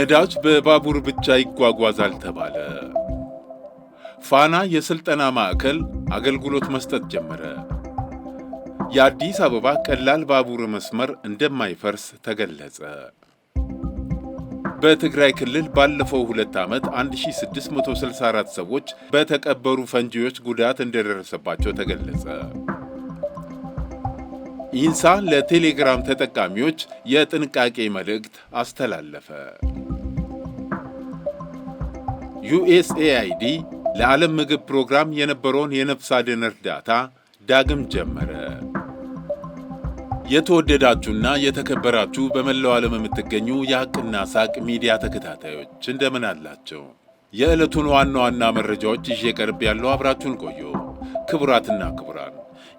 ነዳጅ በባቡር ብቻ ይጓጓዛል ተባለ። ፋና የሥልጠና ማዕከል አገልግሎት መስጠት ጀመረ። የአዲስ አበባ ቀላል ባቡር መስመር እንደማይፈርስ ተገለጸ። በትግራይ ክልል ባለፈው ሁለት ዓመት 1664 ሰዎች በተቀበሩ ፈንጂዎች ጉዳት እንደደረሰባቸው ተገለጸ። ኢንሳ ለቴሌግራም ተጠቃሚዎች የጥንቃቄ መልእክት አስተላለፈ። ዩኤስኤአይዲ ለዓለም ምግብ ፕሮግራም የነበረውን የነፍስ አድን እርዳታ ዳግም ጀመረ። የተወደዳችሁና የተከበራችሁ በመላው ዓለም የምትገኙ የሐቅና ሳቅ ሚዲያ ተከታታዮች እንደምን አላቸው? የዕለቱን ዋና ዋና መረጃዎች ይዤ ቀርብ ያለው አብራችሁን ቆዩ። ክቡራትና ክቡራን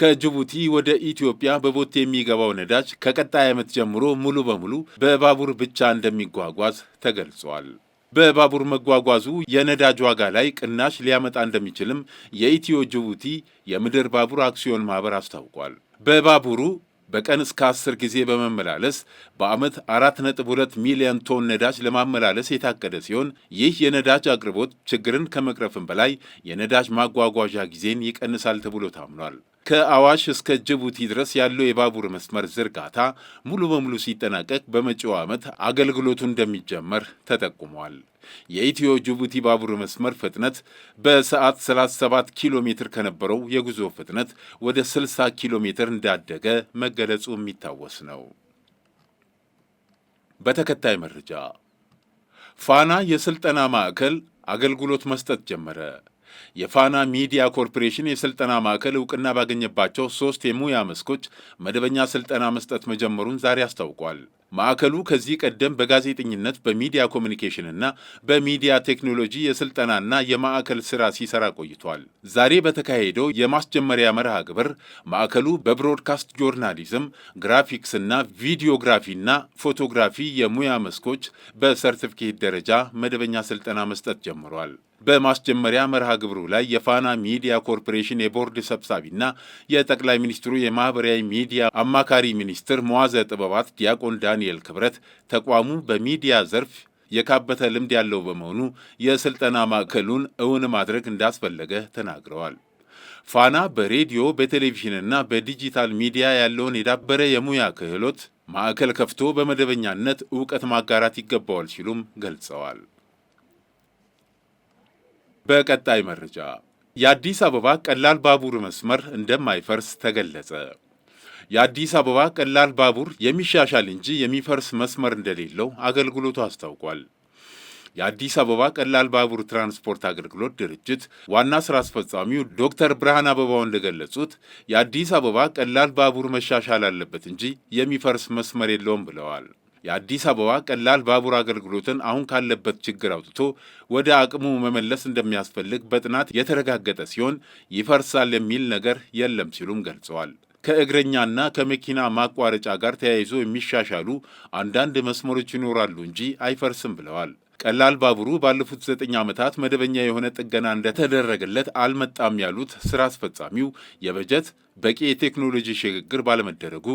ከጅቡቲ ወደ ኢትዮጵያ በቦቴ የሚገባው ነዳጅ ከቀጣይ ዓመት ጀምሮ ሙሉ በሙሉ በባቡር ብቻ እንደሚጓጓዝ ተገልጿል። በባቡር መጓጓዙ የነዳጅ ዋጋ ላይ ቅናሽ ሊያመጣ እንደሚችልም የኢትዮ ጅቡቲ የምድር ባቡር አክሲዮን ማኅበር አስታውቋል። በባቡሩ በቀን እስከ 10 ጊዜ በመመላለስ በዓመት 4.2 ሚሊዮን ቶን ነዳጅ ለማመላለስ የታቀደ ሲሆን ይህ የነዳጅ አቅርቦት ችግርን ከመቅረፍም በላይ የነዳጅ ማጓጓዣ ጊዜን ይቀንሳል ተብሎ ታምኗል። ከአዋሽ እስከ ጅቡቲ ድረስ ያለው የባቡር መስመር ዝርጋታ ሙሉ በሙሉ ሲጠናቀቅ በመጪው ዓመት አገልግሎቱ እንደሚጀመር ተጠቁሟል። የኢትዮ ጅቡቲ ባቡር መስመር ፍጥነት በሰዓት 37 ኪሎ ሜትር ከነበረው የጉዞ ፍጥነት ወደ 60 ኪሎ ሜትር እንዳደገ መገለጹ የሚታወስ ነው። በተከታይ መረጃ ፋና የስልጠና ማዕከል አገልግሎት መስጠት ጀመረ። የፋና ሚዲያ ኮርፖሬሽን የስልጠና ማዕከል እውቅና ባገኘባቸው ሶስት የሙያ መስኮች መደበኛ ስልጠና መስጠት መጀመሩን ዛሬ አስታውቋል። ማዕከሉ ከዚህ ቀደም በጋዜጠኝነት በሚዲያ ኮሚኒኬሽንና በሚዲያ ቴክኖሎጂ የስልጠናና የማዕከል ስራ ሲሰራ ቆይቷል። ዛሬ በተካሄደው የማስጀመሪያ መርሃ ግብር ማዕከሉ በብሮድካስት ጆርናሊዝም፣ ግራፊክስና ቪዲዮግራፊና ፎቶግራፊ የሙያ መስኮች በሰርቲፊኬት ደረጃ መደበኛ ስልጠና መስጠት ጀምሯል። በማስጀመሪያ መርሃ ግብሩ ላይ የፋና ሚዲያ ኮርፖሬሽን የቦርድ ሰብሳቢና የጠቅላይ ሚኒስትሩ የማህበራዊ ሚዲያ አማካሪ ሚኒስትር መዋዘ ጥበባት ዲያቆን ዳኒ ዳንኤል ክብረት ተቋሙ በሚዲያ ዘርፍ የካበተ ልምድ ያለው በመሆኑ የስልጠና ማዕከሉን እውን ማድረግ እንዳስፈለገ ተናግረዋል። ፋና በሬዲዮ በቴሌቪዥንና በዲጂታል ሚዲያ ያለውን የዳበረ የሙያ ክህሎት ማዕከል ከፍቶ በመደበኛነት እውቀት ማጋራት ይገባዋል ሲሉም ገልጸዋል። በቀጣይ መረጃ የአዲስ አበባ ቀላል ባቡር መስመር እንደማይፈርስ ተገለጸ። የአዲስ አበባ ቀላል ባቡር የሚሻሻል እንጂ የሚፈርስ መስመር እንደሌለው አገልግሎቱ አስታውቋል። የአዲስ አበባ ቀላል ባቡር ትራንስፖርት አገልግሎት ድርጅት ዋና ስራ አስፈጻሚው ዶክተር ብርሃን አበባው እንደገለጹት የአዲስ አበባ ቀላል ባቡር መሻሻል አለበት እንጂ የሚፈርስ መስመር የለውም ብለዋል። የአዲስ አበባ ቀላል ባቡር አገልግሎትን አሁን ካለበት ችግር አውጥቶ ወደ አቅሙ መመለስ እንደሚያስፈልግ በጥናት የተረጋገጠ ሲሆን ይፈርሳል የሚል ነገር የለም ሲሉም ገልጸዋል። ከእግረኛና ከመኪና ማቋረጫ ጋር ተያይዞ የሚሻሻሉ አንዳንድ መስመሮች ይኖራሉ እንጂ አይፈርስም ብለዋል። ቀላል ባቡሩ ባለፉት ዘጠኝ ዓመታት መደበኛ የሆነ ጥገና እንደተደረገለት አልመጣም ያሉት ስራ አስፈጻሚው የበጀት በቂ የቴክኖሎጂ ሽግግር ባለመደረጉ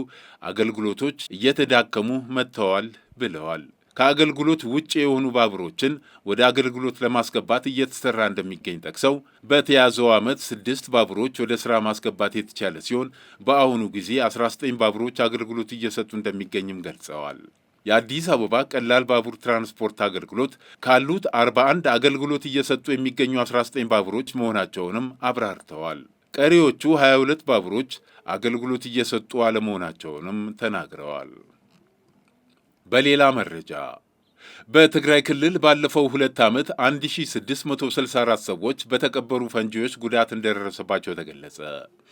አገልግሎቶች እየተዳከሙ መጥተዋል ብለዋል። ከአገልግሎት ውጭ የሆኑ ባቡሮችን ወደ አገልግሎት ለማስገባት እየተሰራ እንደሚገኝ ጠቅሰው በተያዘው ዓመት ስድስት ባቡሮች ወደ ሥራ ማስገባት የተቻለ ሲሆን በአሁኑ ጊዜ 19 ባቡሮች አገልግሎት እየሰጡ እንደሚገኝም ገልጸዋል። የአዲስ አበባ ቀላል ባቡር ትራንስፖርት አገልግሎት ካሉት 41 አገልግሎት እየሰጡ የሚገኙ 19 ባቡሮች መሆናቸውንም አብራርተዋል። ቀሪዎቹ 22 ባቡሮች አገልግሎት እየሰጡ አለመሆናቸውንም ተናግረዋል። በሌላ መረጃ በትግራይ ክልል ባለፈው ሁለት ዓመት 1664 ሰዎች በተቀበሩ ፈንጂዎች ጉዳት እንደደረሰባቸው ተገለጸ።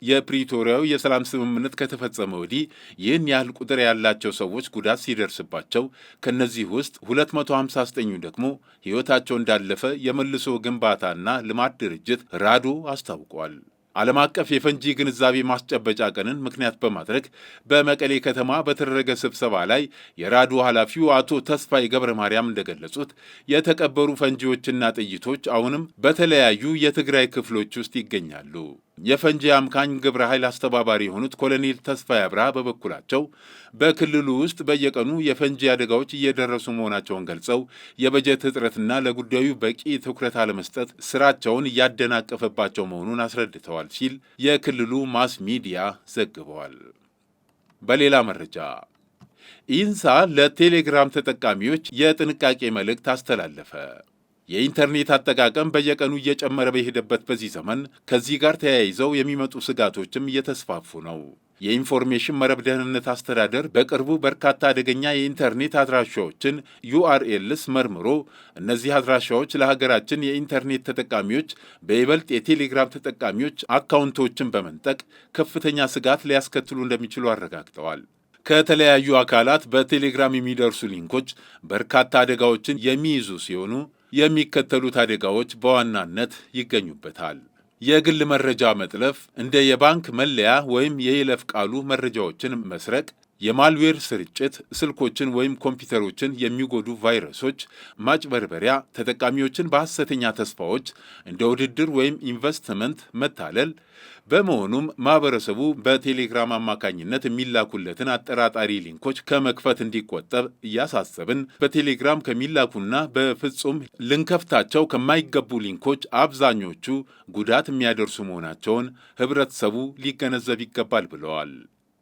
የፕሪቶሪያው የሰላም ስምምነት ከተፈጸመ ወዲህ ይህን ያህል ቁጥር ያላቸው ሰዎች ጉዳት ሲደርስባቸው ከእነዚህ ውስጥ 259ኙ ደግሞ ሕይወታቸው እንዳለፈ የመልሶ ግንባታና ልማት ድርጅት ራዶ አስታውቋል። ዓለም አቀፍ የፈንጂ ግንዛቤ ማስጨበጫ ቀንን ምክንያት በማድረግ በመቀሌ ከተማ በተደረገ ስብሰባ ላይ የራዶ ኃላፊው አቶ ተስፋይ ገብረ ማርያም እንደገለጹት የተቀበሩ ፈንጂዎችና ጥይቶች አሁንም በተለያዩ የትግራይ ክፍሎች ውስጥ ይገኛሉ። የፈንጂ አምካኝ ግብረ ኃይል አስተባባሪ የሆኑት ኮሎኔል ተስፋ ያብራ በበኩላቸው በክልሉ ውስጥ በየቀኑ የፈንጂ አደጋዎች እየደረሱ መሆናቸውን ገልጸው የበጀት እጥረትና ለጉዳዩ በቂ ትኩረት አለመስጠት ስራቸውን እያደናቀፈባቸው መሆኑን አስረድተዋል ሲል የክልሉ ማስ ሚዲያ ዘግበዋል። በሌላ መረጃ ኢንሳ ለቴሌግራም ተጠቃሚዎች የጥንቃቄ መልእክት አስተላለፈ። የኢንተርኔት አጠቃቀም በየቀኑ እየጨመረ በሄደበት በዚህ ዘመን ከዚህ ጋር ተያይዘው የሚመጡ ስጋቶችም እየተስፋፉ ነው። የኢንፎርሜሽን መረብ ደህንነት አስተዳደር በቅርቡ በርካታ አደገኛ የኢንተርኔት አድራሻዎችን ዩአርኤልስ መርምሮ እነዚህ አድራሻዎች ለሀገራችን የኢንተርኔት ተጠቃሚዎች በይበልጥ የቴሌግራም ተጠቃሚዎች አካውንቶችን በመንጠቅ ከፍተኛ ስጋት ሊያስከትሉ እንደሚችሉ አረጋግጠዋል። ከተለያዩ አካላት በቴሌግራም የሚደርሱ ሊንኮች በርካታ አደጋዎችን የሚይዙ ሲሆኑ የሚከተሉት አደጋዎች በዋናነት ይገኙበታል። የግል መረጃ መጥለፍ፣ እንደ የባንክ መለያ ወይም የይለፍ ቃሉ መረጃዎችን መስረቅ፣ የማልዌር ስርጭት፣ ስልኮችን ወይም ኮምፒውተሮችን የሚጎዱ ቫይረሶች፣ ማጭበርበሪያ፣ ተጠቃሚዎችን በሐሰተኛ ተስፋዎች እንደ ውድድር ወይም ኢንቨስትመንት መታለል። በመሆኑም ማህበረሰቡ በቴሌግራም አማካኝነት የሚላኩለትን አጠራጣሪ ሊንኮች ከመክፈት እንዲቆጠብ እያሳሰብን በቴሌግራም ከሚላኩና በፍጹም ልንከፍታቸው ከማይገቡ ሊንኮች አብዛኞቹ ጉዳት የሚያደርሱ መሆናቸውን ህብረተሰቡ ሊገነዘብ ይገባል ብለዋል።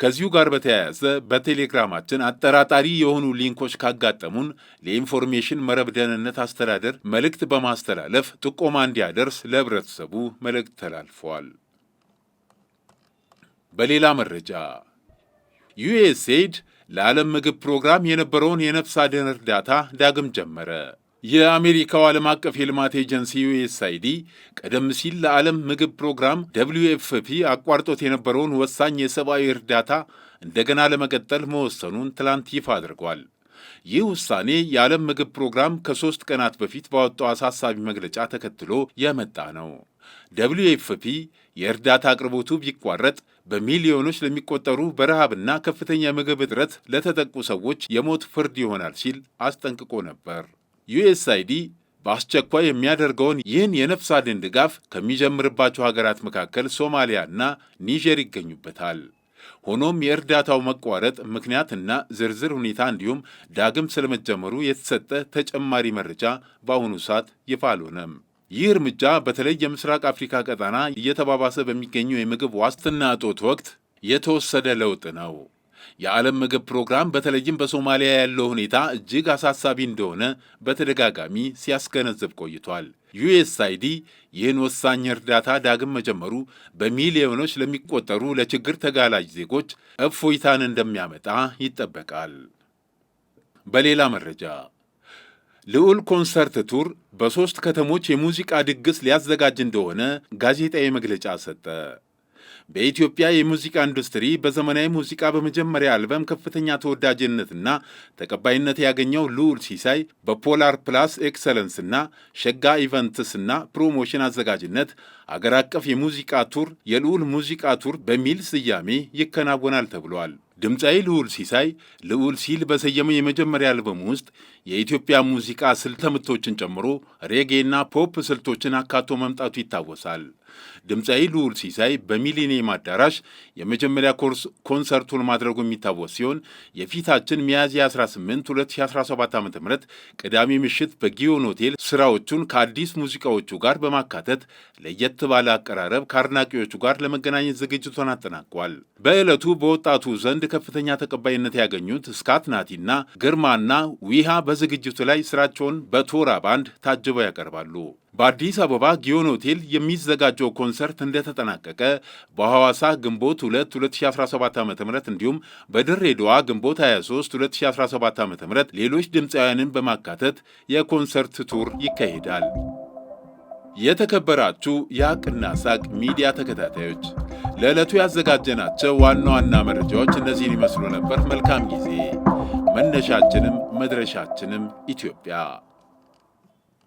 ከዚሁ ጋር በተያያዘ በቴሌግራማችን አጠራጣሪ የሆኑ ሊንኮች ካጋጠሙን ለኢንፎርሜሽን መረብ ደህንነት አስተዳደር መልእክት በማስተላለፍ ጥቆማ እንዲያደርስ ለህብረተሰቡ መልእክት ተላልፈዋል። በሌላ መረጃ ዩኤስኤድ ለዓለም ምግብ ፕሮግራም የነበረውን የነፍስ አድን እርዳታ ዳግም ጀመረ። የአሜሪካው ዓለም አቀፍ የልማት ኤጀንሲ ዩኤስአይዲ ቀደም ሲል ለዓለም ምግብ ፕሮግራም ደብሊዩ ኤፍፒ አቋርጦት የነበረውን ወሳኝ የሰብአዊ እርዳታ እንደገና ለመቀጠል መወሰኑን ትላንት ይፋ አድርጓል። ይህ ውሳኔ የዓለም ምግብ ፕሮግራም ከሦስት ቀናት በፊት ባወጣው አሳሳቢ መግለጫ ተከትሎ የመጣ ነው። ደብሊዩ ኤፍፒ የእርዳታ አቅርቦቱ ቢቋረጥ በሚሊዮኖች ለሚቆጠሩ በረሃብና ከፍተኛ የምግብ እጥረት ለተጠቁ ሰዎች የሞት ፍርድ ይሆናል ሲል አስጠንቅቆ ነበር። ዩኤስአይዲ በአስቸኳይ የሚያደርገውን ይህን የነፍስ አድን ድጋፍ ከሚጀምርባቸው ሀገራት መካከል ሶማሊያና ኒጀር ይገኙበታል። ሆኖም የእርዳታው መቋረጥ ምክንያትና ዝርዝር ሁኔታ እንዲሁም ዳግም ስለመጀመሩ የተሰጠ ተጨማሪ መረጃ በአሁኑ ሰዓት ይፋ አልሆነም። ይህ እርምጃ በተለይ የምስራቅ አፍሪካ ቀጠና እየተባባሰ በሚገኘው የምግብ ዋስትና እጦት ወቅት የተወሰደ ለውጥ ነው። የዓለም ምግብ ፕሮግራም በተለይም በሶማሊያ ያለው ሁኔታ እጅግ አሳሳቢ እንደሆነ በተደጋጋሚ ሲያስገነዝብ ቆይቷል። ዩኤስአይዲ ይህን ወሳኝ እርዳታ ዳግም መጀመሩ በሚሊዮኖች ለሚቆጠሩ ለችግር ተጋላጅ ዜጎች እፎይታን እንደሚያመጣ ይጠበቃል። በሌላ መረጃ ልዑል ኮንሰርት ቱር በሦስት ከተሞች የሙዚቃ ድግስ ሊያዘጋጅ እንደሆነ ጋዜጣዊ መግለጫ ሰጠ። በኢትዮጵያ የሙዚቃ ኢንዱስትሪ በዘመናዊ ሙዚቃ በመጀመሪያ አልበም ከፍተኛ ተወዳጅነትና ተቀባይነት ያገኘው ልዑል ሲሳይ በፖላር ፕላስ ኤክሰለንስና ሸጋ ኢቨንትስና ፕሮሞሽን አዘጋጅነት አገር አቀፍ የሙዚቃ ቱር የልዑል ሙዚቃ ቱር በሚል ስያሜ ይከናወናል ተብሏል። ድምፃዊ ልዑል ሲሳይ ልዑል ሲል በሰየመው የመጀመሪያ አልበሙ ውስጥ የኢትዮጵያ ሙዚቃ ስልተ ምቶችን ጨምሮ ሬጌና ፖፕ ስልቶችን አካቶ መምጣቱ ይታወሳል። ድምፃዊ ልዑል ሲሳይ በሚሊኒየም አዳራሽ የመጀመሪያ ኮርስ ኮንሰርቱን ማድረጉ የሚታወስ ሲሆን የፊታችን ሚያዝያ 18 2017 ዓ ም ቅዳሜ ምሽት በጊዮን ሆቴል ስራዎቹን ከአዲስ ሙዚቃዎቹ ጋር በማካተት ለየት ባለ አቀራረብ ከአድናቂዎቹ ጋር ለመገናኘት ዝግጅቱን አጠናቋል። በዕለቱ በወጣቱ ዘንድ ከፍተኛ ተቀባይነት ያገኙት ስካት ናቲና ግርማና ዊሃ በዝግጅቱ ላይ ስራቸውን በቶራ ባንድ ታጅበው ያቀርባሉ። በአዲስ አበባ ጊዮን ሆቴል የሚዘጋጀው ኮንሰርት እንደተጠናቀቀ በሐዋሳ ግንቦት 2 2017 ዓ ም እንዲሁም በድሬዳዋ ግንቦት 23 2017 ዓ ም ሌሎች ድምፃውያንን በማካተት የኮንሰርት ቱር ይካሄዳል። የተከበራችሁ የአቅና ሳቅ ሚዲያ ተከታታዮች ለዕለቱ ያዘጋጀናቸው ዋና ዋና መረጃዎች እነዚህን ይመስሉ ነበር። መልካም ጊዜ። መነሻችንም መድረሻችንም ኢትዮጵያ።